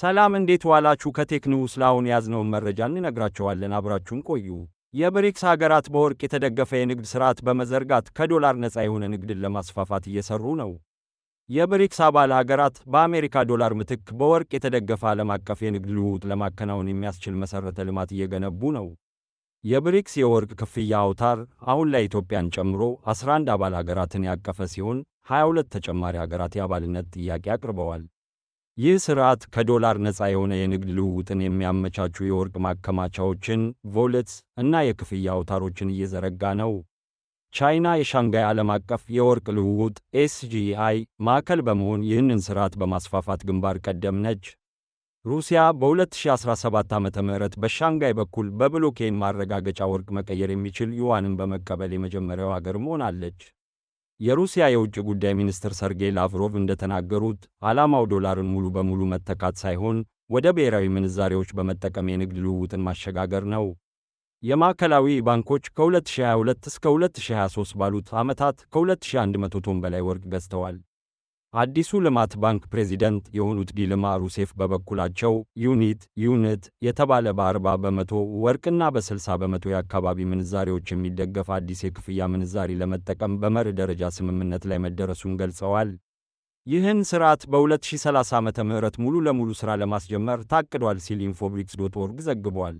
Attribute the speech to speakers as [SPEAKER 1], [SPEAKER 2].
[SPEAKER 1] ሰላም እንዴት ዋላችሁ? ከቴክኒውስ ለአሁን ያዝነውን መረጃ እንነግራችኋለን። አብራችሁን ቆዩ። የብሪክስ ሀገራት በወርቅ የተደገፈ የንግድ ስርዓት በመዘርጋት ከዶላር ነፃ የሆነ ንግድን ለማስፋፋት እየሰሩ ነው። የብሪክስ አባል ሀገራት በአሜሪካ ዶላር ምትክ በወርቅ የተደገፈ ዓለም አቀፍ የንግድ ልውውጥ ለማከናወን የሚያስችል መሠረተ ልማት እየገነቡ ነው። የብሪክስ የወርቅ ክፍያ አውታር አሁን ላይ ኢትዮጵያን ጨምሮ 11 አባል ሀገራትን ያቀፈ ሲሆን 22 ተጨማሪ ሀገራት የአባልነት ጥያቄ አቅርበዋል። ይህ ሥርዓት ከዶላር ነፃ የሆነ የንግድ ልውውጥን የሚያመቻቹ የወርቅ ማከማቻዎችን ቮለትስ እና የክፍያ አውታሮችን እየዘረጋ ነው። ቻይና የሻንጋይ ዓለም አቀፍ የወርቅ ልውውጥ ኤስጂአይ ማዕከል በመሆን ይህንን ሥርዓት በማስፋፋት ግንባር ቀደም ነች። ሩሲያ በ2017 ዓ ም በሻንጋይ በኩል በብሎኬን ማረጋገጫ ወርቅ መቀየር የሚችል ዩዋንን በመቀበል የመጀመሪያው አገር መሆናለች። የሩሲያ የውጭ ጉዳይ ሚኒስትር ሰርጌይ ላቭሮቭ እንደተናገሩት ዓላማው ዶላርን ሙሉ በሙሉ መተካት ሳይሆን ወደ ብሔራዊ ምንዛሬዎች በመጠቀም የንግድ ልውውጥን ማሸጋገር ነው። የማዕከላዊ ባንኮች ከ2022 እስከ 2023 ባሉት ዓመታት ከ2100 ቶን በላይ ወርቅ ገዝተዋል። አዲሱ ልማት ባንክ ፕሬዚደንት የሆኑት ዲልማ ሩሴፍ በበኩላቸው ዩኒት ዩኒት የተባለ በ40 በመቶ ወርቅና በ60 በመቶ የአካባቢ ምንዛሬዎች የሚደገፍ አዲስ የክፍያ ምንዛሪ ለመጠቀም በመርህ ደረጃ ስምምነት ላይ መደረሱን ገልጸዋል። ይህን ስርዓት በ2030 ም ሙሉ ለሙሉ ሥራ ለማስጀመር ታቅዷል ሲል ኢንፎብሪክስ ዶት ኦርግ ዘግቧል።